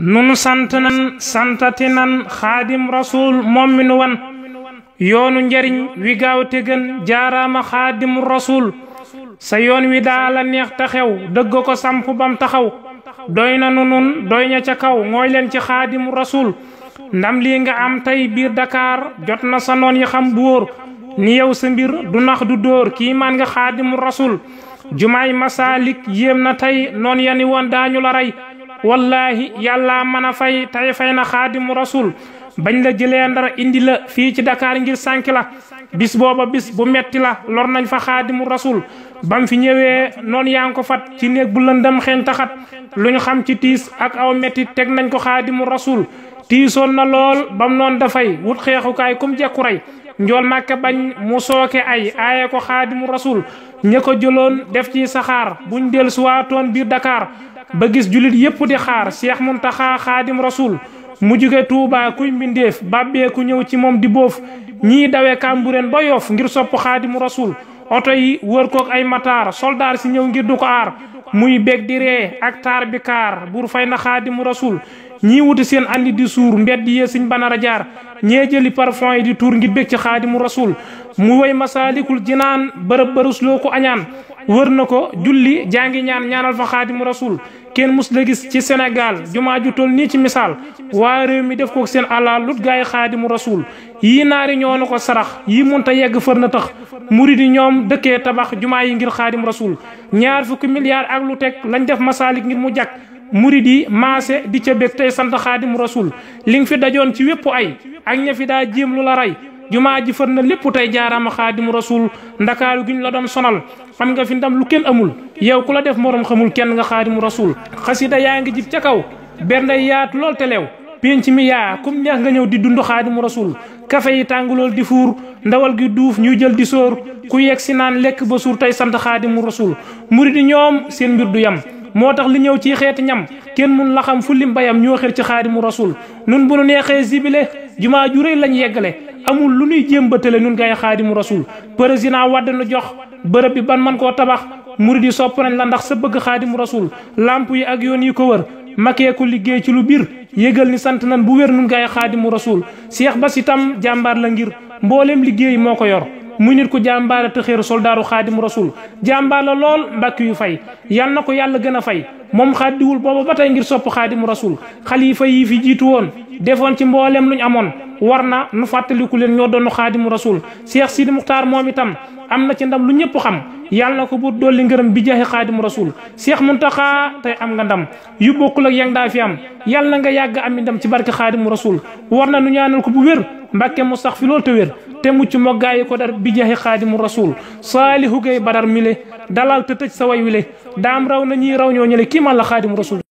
nunu sant nan santati nan xaadim rasul moom mi nu wan yoonu njariñ wi gaaw te gën jaaraama xaadim rasul sa yoon wi daa la neex taxew xew dëgg ko sampu bam taxaw doy na nu nun doy ña ca kaw mooy leen ci xaadim rasul ndam lii nga am tey biir Dakar jot na sa noon yi xam bu ni yow sa mbir du nax du dóor kii maan nga xaadim rasul jumaay masalik yéem na tey noon yani woon daañu la wallaahi yàlla mën a fay tey fay na xaadimu rasul bañ la jëlee ndara indi la fii ci dakaar ngir sànk la bis booba bis bu metti la lor nañ fa xaadimu rasul bam fi ñëwee noon yaa ngi ko fat ci néeg bu lëndëm xeeñ taxat lu ñu xam ci tiis ak aw metti teg nañ ko xaadimu rasul tiisoon na lool bam noonu dafay wut xeexukaay kum jekku rey njool màkka bañ mu sooke ay aaye ko xaadimu rasul ña ko jëloon def ci saxaar buñ del suwaatoon biir Dakar ba gis jullit yépp di xaar Cheikh Muntaxa xaadim rasul mu jóge Tuuba kuy mbindeef bàbbee ku ñëw ci moom di boof ñii dawee Kambureen ba yof ngir sopp xaadimu rasul oto yi wër kook ay mataar soldaar si ñëw ngir du ko aar muy beg di ree ak taar bi kaar buur fay na xaadimu rasul ñii wuti seen andi di suur mbedd yee suñ bana a jaar ñee jëli parfum yi di tuur ngi bég ci xaadimu rasul mu woy masaalikul jinaan bërëb bërësloo ko añaan wër na ko julli jaa ngi ñaan ñaanal fa xaadimu rasul kenn mus la gis ci Sénégal jumaa ju toll nii ci misaal waa réew mi def ko seen alal lut gaay xaadimu rasul yii naari ñoo na ko sarax yii munta yegg fër na tax murid yi ñoom dëkkee tabax jumaa yi ngir xaadim rasul ñaar fukki milliards ak lu teg lañ def masaalik ngir mu jàkk murid yi maase di ca tey sant xaadim rasul li nga fi dajoon ci wépp ay ak ña fi daa jéem lu la jumaa ji fër na lépp tey jaaraama xaadimu rasul ndakaaru gi la doon sonal xam nga fi ndam lu kenn amul yow ku la def morom xamul kenn nga xaadimu rasul xasida yaa ngi jib ca kaw bernde yaatu lool te leew pénc mi yaa comme neex nga ñëw di dund xaadimu rasul kafe yi tàng di fuur ndawal gi duuf ñu jël di sóor ku yeg si naan lekk ba suur tey sant xaadimu rasul muri di ñoom seen mbir du yam moo tax li ñëw ci xeeti ñam kenn mun la xam fu lim bayam ñoo xër ci xaadimu rasul nun bu nu neexee zibile jumaa ju rëy lañ yeggale amul lu ñuy jémbatale nun ngay xaadimu rasul président Wade nu jox bërëb bi ban man koo tabax mu yi sopp nañ la ndax sa bëgg xaadimu rasul lamp yi ak yoon yi ko wër makee ko liggéey ci lu biir yëgal ni sant nan bu wér nun ngay xaadimu rasul Seex si itam jàmbaar la ngir mboolem liggéey moo ko yor muy nit ku jàmbaare te xéeru soldaaru xaadim rasul jàmbaar lool mbàkki yu fay yal na ko yàlla gën a fay moom xaddiwul booba ba tey ngir sopp xaadim rasul xalifa yi fi jiitu woon defoon ci mboolem lu ñu amoon war na nu fàttaliku leen ñoo doonu xaadim rasul Cheikh Sidi Muxtaar moom itam am na ci ndam lu ñëpp xam yàlla na ko bu dolli ngërëm bi jeexi xaadim rasul Cheikh Muntaxa tey am nga ndam yu bokkul ak yang daa fi am yàlla na nga yàgg am ndam ci barke xaadim rasul war na mbàkke mu sax fi loolu te wér te mucc moo gaayi ko dar bi jaxi xaadimu rasul saalihu gay badar mile dalal te tëj sa way wile daam raw na ñiy raw ñoo ñële kii man la xaadimu rasul